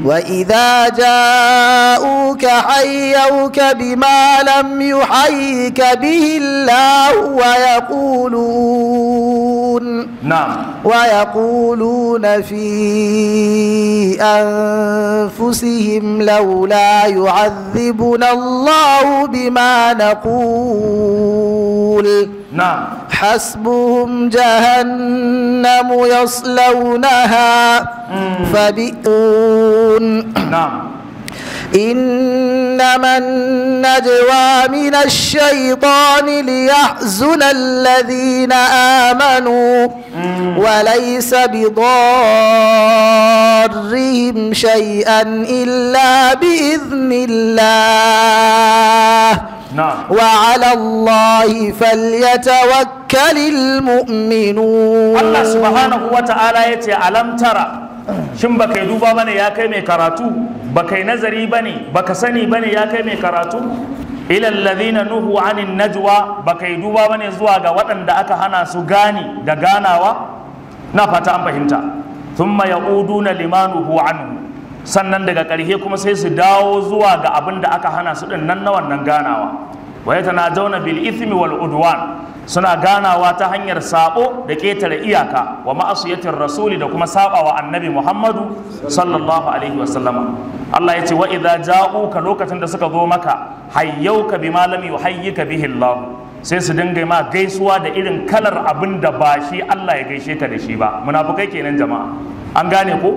وإذا جاءوك حيوك بما لم يحيك به الله ويقولون نعم ويقولون في أنفسهم لولا يعذبنا الله بما نقول نعم حسبهم جهنم يصلونها فبئون نعم إنما النجوى من الشيطان ليحزن الذين آمنوا وليس بضارهم شيئا إلا بإذن الله نعم. وعلى الله فليتوكل المؤمنون الله سبحانه وتعالى يتي ألم ترى shin bakai yi duba bane ya kai mai karatu Bakai yi nazari bane ka sani bane ya kai mai karatu ilal nuhu anin najwa baka yi duba bane zuwa ga waɗanda aka hana su gani da ganawa na fata an fahimta thumma yaquduna limanuhu anhu sannan daga ƙarshe kuma sai su dawo zuwa ga abinda aka hana su din nan na wannan ganawa wa yatanajawna bil ithmi wal udwan suna ganawa ta hanyar sabo da ƙetare iyaka wa ma'asiyatin rasuli da kuma saba wa annabi muhammadu sallallahu alaihi wasallama Allah ya ce wa idza ja'uka lokacin da suka zo maka hayyauka bima lam yuhayyika bihi Allah sai su dinga ma gaisuwa da irin kalar abin da ba shi Allah ya gaishe ka da shi ba munafukai kenan jama'a an gane ko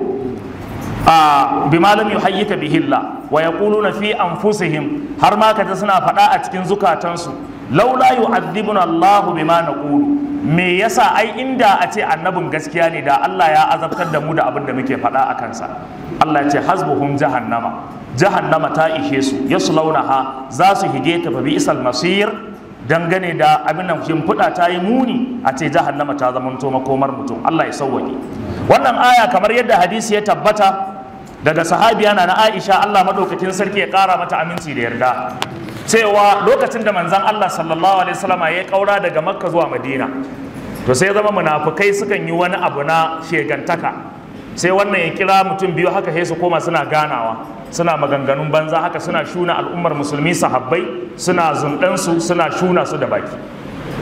a bima lam yuhayyika bihi Allah wa yaquluna fi anfusihim har ma suna faɗa a cikin zukatansu laula yu'adhibuna Allah bima naqulu me yasa ai inda a ce annabin gaskiya ne da Allah ya azabtar da mu da abin da muke faɗa a kansa Allah ya ce hasbuhum jahannama jahannama ta ishe su ya su launa ha? za su hige ta fabi isal masir dangane da abin nan shimfiɗa ta yi muni a ce jahannama ta zamanto makomar mutum Allah ya sauwaƙe wannan aya kamar yadda hadisi ya tabbata daga sahabiya na Aisha Allah madaukakin sarki ya kara mata aminci da yarda cewa lokacin da manzan Allah sallallahu alaihi wasallam ya kaura daga Makka zuwa Madina to sai zama munafukai sukan yi wani abu na shegantaka sai wannan ya kira mutum biyu haka sai su koma suna ganawa suna maganganun banza haka suna shuna al'ummar musulmi sahabbai suna su, suna shuna su da baki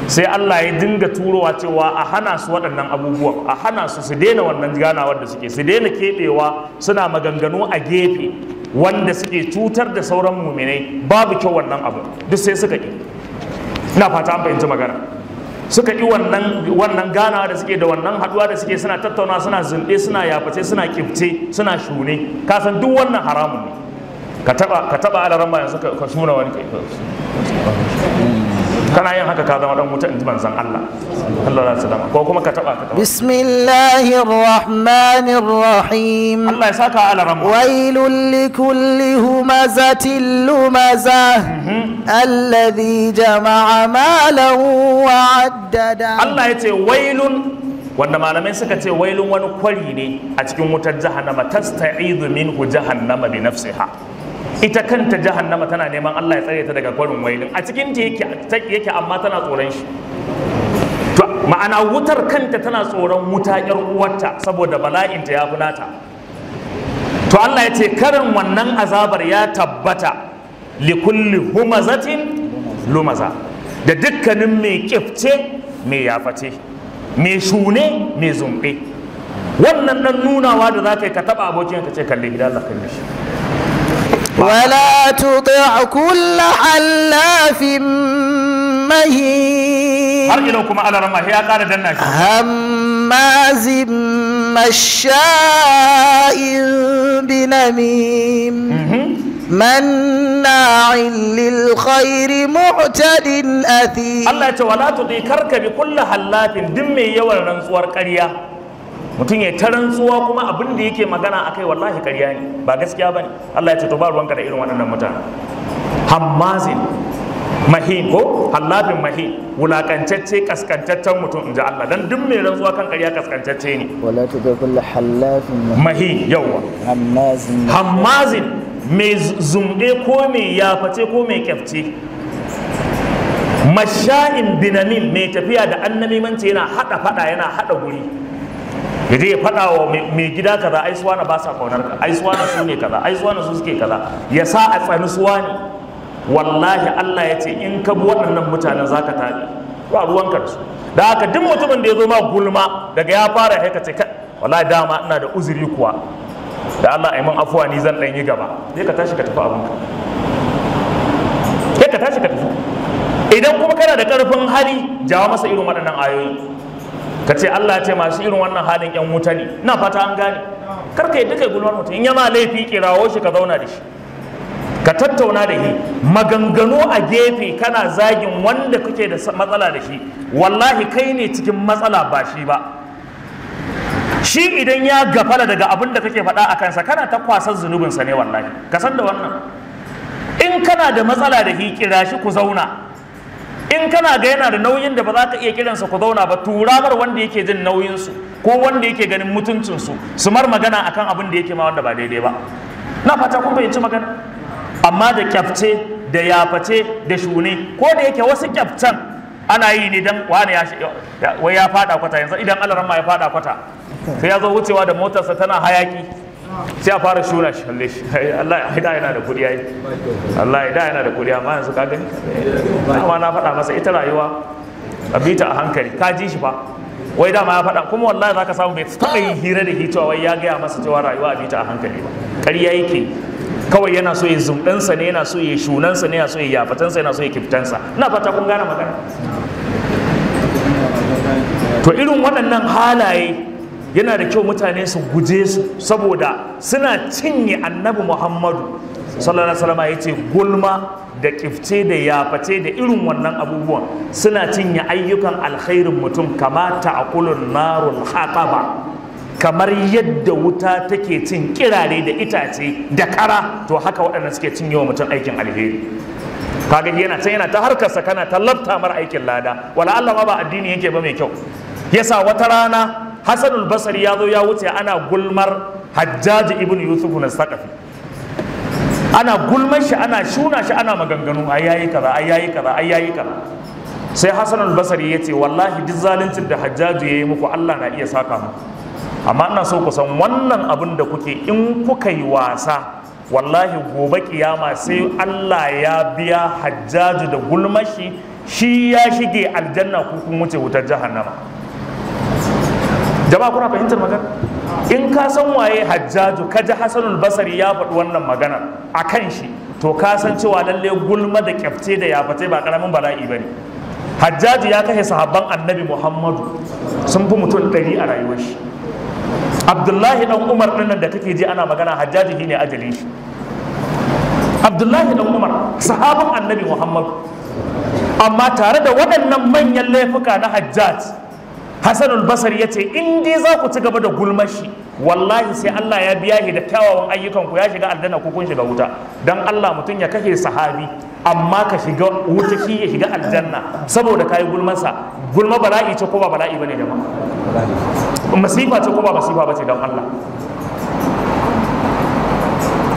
sai Allah ya dinga turowa cewa a hana su waɗannan abubuwan a hana su su daina wannan ganawar da suke su daina keɓewa suna maganganu a gefe wanda suke cutar da sauran muminai babu kyau wannan abu duk sai suka ƙi ina fata an fahimci magana suka ƙi wannan ganawa da suke da wannan haɗuwa da suke suna tattauna suna zunɗe suna yaface suna ƙifce suna shune kasan duk wannan haramun ne ka taɓa alaran bayan suka suna wani kai kana yin haka ka zama dan wuta in ji manzon Allah Allah ya sallama ko kuma ka taba ka taba bismillahir rahmanir rahim Allah ya saka ala ramu wailul likulli humazatil lumaza mhm. alladhi jama'a malan wa addada Allah ya wailun wanda malamai suka ce wailun wani kwari ne a cikin wutar jahannama tasta'idu minhu jahannama bi nafsiha ita kanta jahannama tana neman Allah ya tsare ta daga kwarin wailin a cikin ta yake amma tana tsoron shi To ma'ana wutar kanta tana tsoron wuta yar uwarta saboda bala'inta ya fi to Allah ya ce karin wannan azabar ya tabbata kulli humazatin lumaza da dukkanin mai kifce mai yafate mai shune mai zumbe wannan dan nunawa da za ka yi ka taba abokin ka ce kalle gidan Allah kalle shi ولا تطع كل حلاف مهين har ilo kuma ala rama ya kara danna shi hammazin masha'in binamim mhm. manna'in lil khairi mu'tadin athim Allah ce wala bi kulli hallafin mai yawan rantsuwar karya. mutum ya ta tsuwa kuma abin da yake magana akai wallahi karya ne ba gaskiya bane Allah ya ce to ba ruwanka da irin waɗannan mutane hammazin mahi ko hallafin mahi, wulakantacce kaskantaccen mutum in ji Allah dan duk mai rantsuwa kan ƙarya kaskantacce ne wala kullu hallafin mahi yawa hammazin hammazin mai zumɗe ko mai yaface ko mai kyafce masha'in binamin mai tafiya da annamimanci yana hada fada yana hada guri ya je ya faɗa wa mai gida kaza ai suwana ba sa kaunar ka ai suwana su ne kaza ai suwana su suke kaza ya sa a tsani suwani wallahi Allah ya ce in ka bi waɗannan mutanen za ka tabi ba ruwanka da su da haka duk mutumin da ya zo ma gulma daga ya fara ya haika ce wallahi dama ina da uzuri kuwa da Allah ai min afuwa ni zan ɗan yi gaba sai ka tashi ka tafi ka. sai ka tashi ka tafi idan kuma kana da ƙarfin hali jawo masa irin waɗannan ayoyi ka ce Allah ce masu irin wannan halin yan wuta ne na fata an gane karka yadda kai gulmar mutum in yana laifi kirawo shi ka zauna da shi ka tattauna da shi maganganu a gefe kana zagin wanda kuke da matsala da shi wallahi kai ne cikin matsala ba shi ba shi idan ya gafala daga abin da kake faɗa a kansa kana ta kwasar zunubinsa ne wallahi ka san da wannan in kana da matsala da shi kira shi ku zauna in kana ga yana da nauyin da ba za ka iya kiransa ku zauna ba turamar wanda yake jin nauyinsu ko wanda yake ganin mutuncinsu su mar magana akan abin da yake ma wanda ba daidai ba na fata kun fahimci magana amma da kyafce da yaface da shune ko da yake wasu kyaftan ana yi ne dan wani ya wai ya fada kwata yanzu idan alaran ma ya fada kwata sai ya zo wucewa da motarsa tana hayaki sai a fara shuna shi halle shi Allah ya da yana da kuɗi yi Allah ya da yana da kuɗi amma yanzu ka amma na faɗa masa ita rayuwa a bita a hankali ka ji shi fa wai dama ya faɗa kuma wallahi zaka samu bai taɓa yin hira da hitowa wai ya gaya masa cewa rayuwa a bita a hankali ba ƙarya yake kawai yana so ya zumɗansa ne yana so ya shunansa ne yana so ya yafatansa yana so ya kiftansa ina fata kun gane magana to irin waɗannan halaye yana da kyau mutane su guje su saboda suna cinye annabi muhammadu sallallahu alaihi wasallam yace gulma da kifce da yaface da irin wannan abubuwan suna cinye ayyukan alkhairin mutum kama ta'kulun narul haƙaba. kamar yadda wuta take cin kirare da itace da kara to haka waɗannan suke cinye wa mutum aikin alheri kaga yana can yana ta sa kana ta labta mara aikin lada wala Allah ba addini yake ba mai kyau yasa wata rana hasanul basari ya zo ya wuce ana gulmar hajjaji ibn yusuf na sakafi ana gulmar shi ana shuna shi ana maganganu a yayi kaza a yayi kaza a yayi kaza sai hasanul basari ya ce wallahi duk zaluncin da hajjaji ya yi muku allah na iya saka mu amma ina so ku san wannan abin da kuke in kuka yi wasa wallahi gobe kiyama sai allah ya biya hajjaji da gulmar shi shi ya shige aljanna ku kun wuce wutar jahannama jama'a kuna fahimtar magana in ka san waye hajjaju ka ji hasanul basari ya faɗi wannan magana a kan shi to ka san cewa lalle gulma da kyafce da yafate ba karamin bala'i bane hajjaju ya kashe sahabban annabi muhammadu sun fi mutum ɗari a rayuwar shi abdullahi dan umar ɗin da kake ji ana magana hajjaju shine ajalin shi abdullahi dan umar sahabban annabi muhammadu amma tare da waɗannan manyan laifuka na hajjaj hasanul basar ya ce in dai za ku ci gaba da gulmashi wallahi sai allah ya biya shi da kyawawan ayyukanku ya shiga aljanna ko kun shiga wuta don allah mutum ya kashe sahabi amma ka shiga wuta shi ya shiga aljanna saboda kayi gulmansa gulma bala'i ce ko ba bala'i bane jama'a masifa ce ko ba masifa bace don allah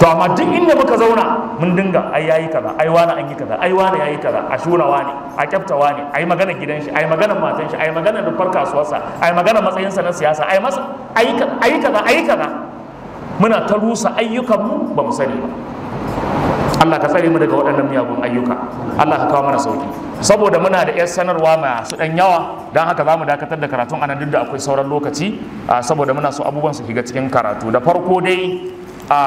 to amma duk inda muka zauna mun dinga ai yayi kaza ai wani an yi kaza ai wani yayi kaza a shura wani a kyafta wani ai magana gidan shi ai magana matan shi ai magana rufar kasuwarsa ai magana matsayin sa na siyasa ai masa ai kaza ai kaza muna ta rusa ayyukan mu ba mu sani ba Allah ka tsare mu daga waɗannan miyagun ayyuka Allah ka kawo mana sauki saboda muna da 'yar sanarwa masu ɗan yawa don haka za mu dakatar da karatun anan duk da akwai sauran lokaci saboda muna so abubuwan su shiga cikin karatu da farko dai a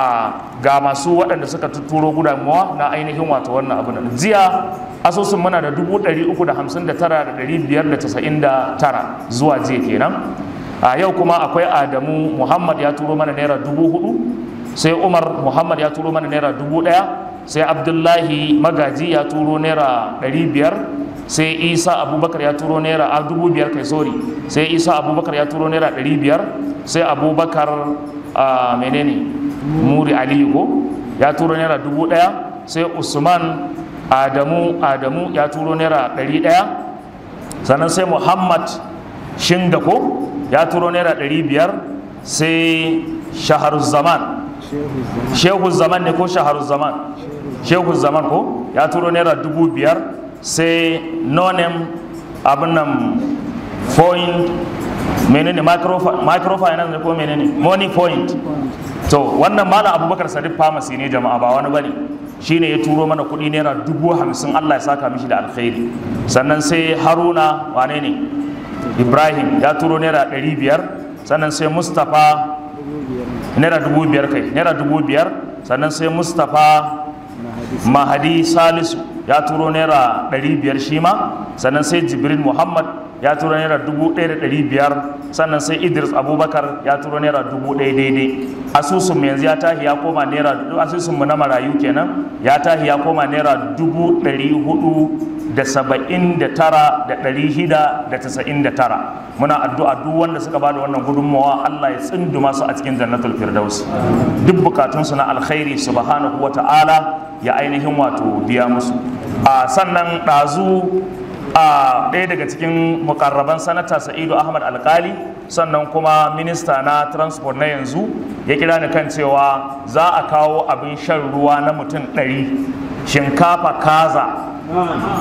ga masu waɗanda suka tuturo gudunmawa na ainihin wato wannan abu nan jiya asusun muna da 359,599 zuwa jiya kenan a yau kuma akwai adamu muhammad ya turo mana naira dubu sai umar muhammad ya turo mana naira dubu sai abdullahi magaji ya turo naira ɗari biyar sai isa abubakar ya turo naira a dubu biyar kai sori sai isa abubakar ya turo naira ɗari biyar sai abubakar a menene muri aliyu ko ya turo naira dubu ɗaya sai usman adamu adamu ya turo naira ɗari ɗaya sannan sai muhammad shinga ko ya turo naira ɗari biyar sai shahar zaman shehu zaman ne ko shahar zaman shehu zaman ko ya turo naira dubu biyar sai nonem abinan nan point menene microfinance ne ko menene money point to wannan malam abubakar sadiq pharmacy ne jama'a ba wani bane shine ya turo mana kuɗi naira dubu hamsin allah ya saka mishi da alkhairi sannan sai haruna wane ne ibrahim ya turo naira ɗari biyar sannan sai mustapha naira dubu biyar kai naira dubu biyar sannan sai mustapha mahadi salisu ya turo naira ɗari biyar shi ma sannan sai jibril muhammad ya turo naira dubu ɗaya da ɗari biyar sannan sai idris abubakar ya turo naira dubu ɗaya daidai asusun mu yanzu ya tahi ya koma naira asusun mu na marayu kenan ya tahi ya koma naira dubu ɗari hudu da saba'in da tara da ɗari shida da tasa'in da tara muna addu'a duk wanda suka bada wannan gudunmawa Allah ya tsinduma su a cikin jannatul firdaus duk bukatunsu na alkhairi subhanahu wa ta'ala ya ainihin wato biya musu a sannan ɗazu a ɗaya daga cikin mukarraban sanata sa'idu ahmad alkali sannan kuma minista na transport na yanzu ya kira ni kan cewa za a kawo abin shan ruwa na mutum ɗari shinkafa kaza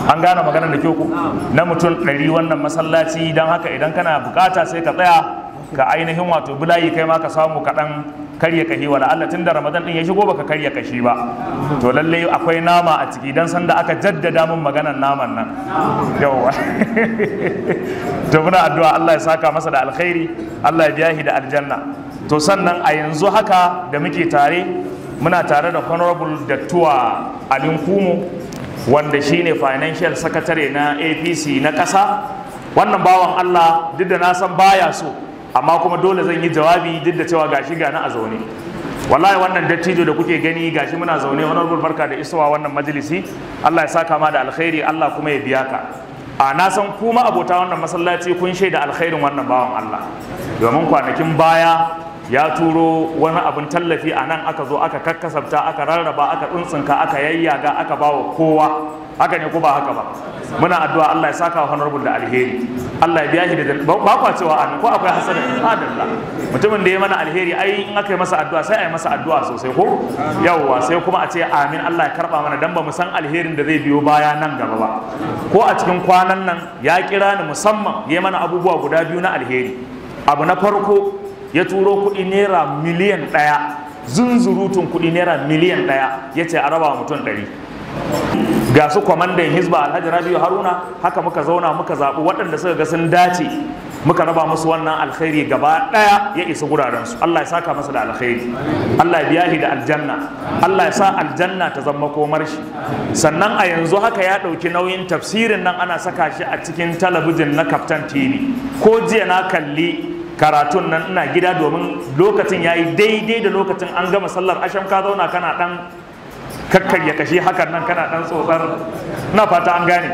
an gane maganar da kyau na mutum ɗari wannan masallaci don haka idan kana bukata sai ka tsaya ka ainihin wato bulayi kai ma ka samu kaɗan karya kashi wala Allah tun da Ramadan din ya shigo baka karya kashi ba to lalle akwai nama a ciki dan san da aka jaddada mun maganar naman nan yawa to muna addu'a Allah ya saka masa da alkhairi Allah ya biya shi da aljanna to sannan a yanzu haka da muke tare muna tare da honorable dattuwa alin kumo wanda shine financial secretary na apc na ƙasa wannan bawan allah duk da na san baya so amma kuma dole zan yi jawabi duk da cewa gashi gani a zaune wallahi wannan dattijo da kuke gani gashi muna zaune honorable barka da isowa wannan majalisi Allah ya saka ma da alkhairi Allah kuma ya biya ka a na san kuma abota wannan masallaci kun shaida alkhairin wannan bawan Allah domin kwanakin baya ya turo wani abin tallafi a nan aka zo aka kakkasabta aka rarraba aka tsuntsunka aka yayyaga aka bawa kowa haka ne ko ba haka ba muna addu'a Allah ya saka wa honorable da alheri Allah ya biya shi da ba kwa cewa an ko akwai hasada Allah mutumin da ya mana alheri ai in aka yi masa addu'a sai a yi masa addu'a sosai ko yawwa sai kuma a ce amin Allah ya karba mana dan ba mu san alherin da zai biyo baya nan gaba ba ko a cikin kwanan nan ya kira ni musamman ya mana abubuwa guda biyu na alheri abu na farko ya turo kuɗi naira miliyan ɗaya zunzurutun kuɗi naira miliyan ɗaya ya ce a raba mutum ɗari ga su kwamandan hizba alhaji rabiu haruna haka muka zauna muka zaɓi waɗanda suka ga sun dace muka raba musu wannan alkhairi gaba ɗaya ya isa guraren su. allah ya saka masa da alkhairi allah ya biya shi da aljanna allah ya sa aljanna ta zama komar shi sannan a yanzu haka ya ɗauki nauyin tafsirin nan ana saka shi a cikin talabijin na kaftan tv ko jiya na kalli karatun nan ina gida domin lokacin ya yi daidai da lokacin an gama sallar asham ka zauna kana ɗan karkarya kashi hakan nan kana dan tsotsar na fata an gane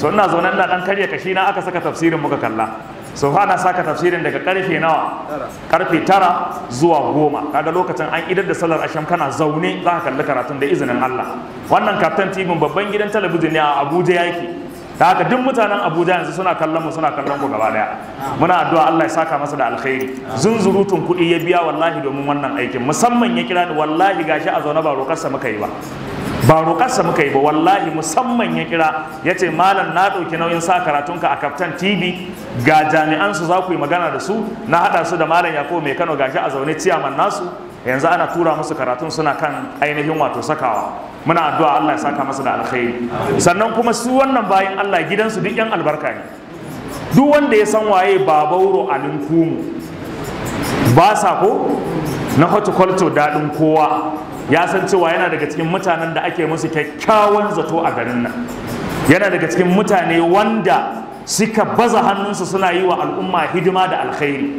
so ina zaune ina dan karya kashi na aka saka tafsirin muka kalla so fa na saka tafsirin daga karfe nawa karfe tara zuwa goma kaga lokacin an idar da salar asham kana zaune za ka kalli karatun da izinin Allah wannan kaftan tibin babban gidan talabijin ne a Abuja yake da haka duk mutanen abuja yanzu suna kallon mu suna kallon ku gaba daya muna addu'a Allah ya saka masa da alkhairi zunzurutun kuɗi ya biya wallahi domin wannan aikin musamman ya kira ni wallahi gashi a zaune ba rokarsa muka yi ba ba rokarsa muka yi ba wallahi musamman ya kira ya ce malam na ɗauki nauyin sa karatun ka a kaftan tv ga jami'an su za ku yi magana da su na haɗa su da malam yakubu mai kano gashi a zaune ciyaman nasu yanzu ana tura musu karatun suna kan ainihin wato sakawa muna addu'a Allah ya saka masa da alkhairi sannan kuma su wannan bayan Allah gidansu duk yan albarka ne duk wanda ya san waye babauro alin kumu ba sa ko na horticulture daɗin kowa ya san cewa yana daga cikin mutanen da ake musu kyakkyawan zato a garin nan yana daga cikin mutane wanda suka baza hannunsu suna yi wa al'umma hidima da alkhairi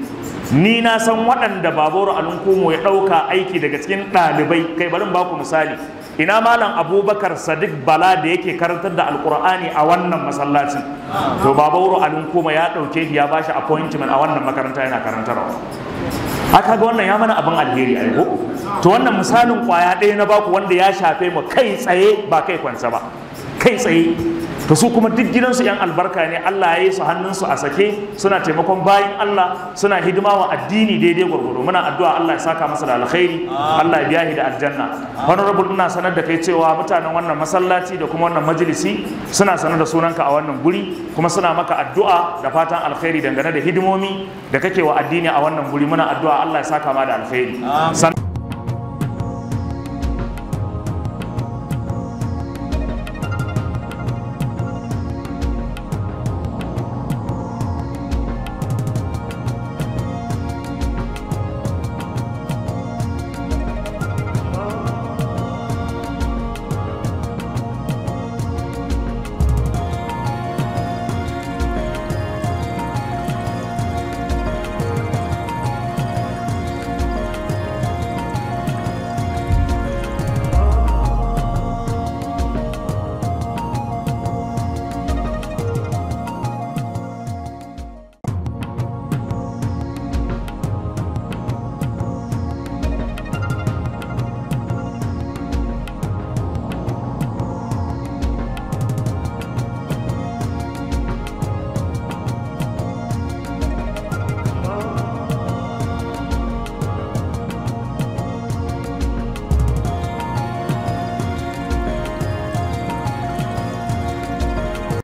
ni na san waɗanda babur alunkumo ya ɗauka aiki daga cikin ɗalibai kai ba baku misali ina malam abubakar sadiq bala da yake karantar da alkur'ani a wannan masallacin to baba wuro alin kuma ya ɗauke shi ya bashi appointment a wannan makaranta yana karantarwa aka ga wannan ya mana abin alheri a to wannan misalin kwaya ɗaya na baku wanda ya shafe mu kai tsaye ba kai kwansa ba kai tsaye to su kuma duk gidansu yan albarka ne Allah ya yi su hannunsu a sake suna taimakon bayan Allah suna hidima wa addini daidai gwargwaro muna addu'a Allah ya saka masa da alkhairi Allah ya biya shi da aljanna honorable ina sanar da kai cewa mutanen wannan masallaci da kuma wannan majalisi suna sanar da sunanka a wannan guri kuma suna maka addu'a da fatan alkhairi dangane da hidimomi da kake wa addini a wannan guri muna addu'a Allah ya saka ma da alkhairi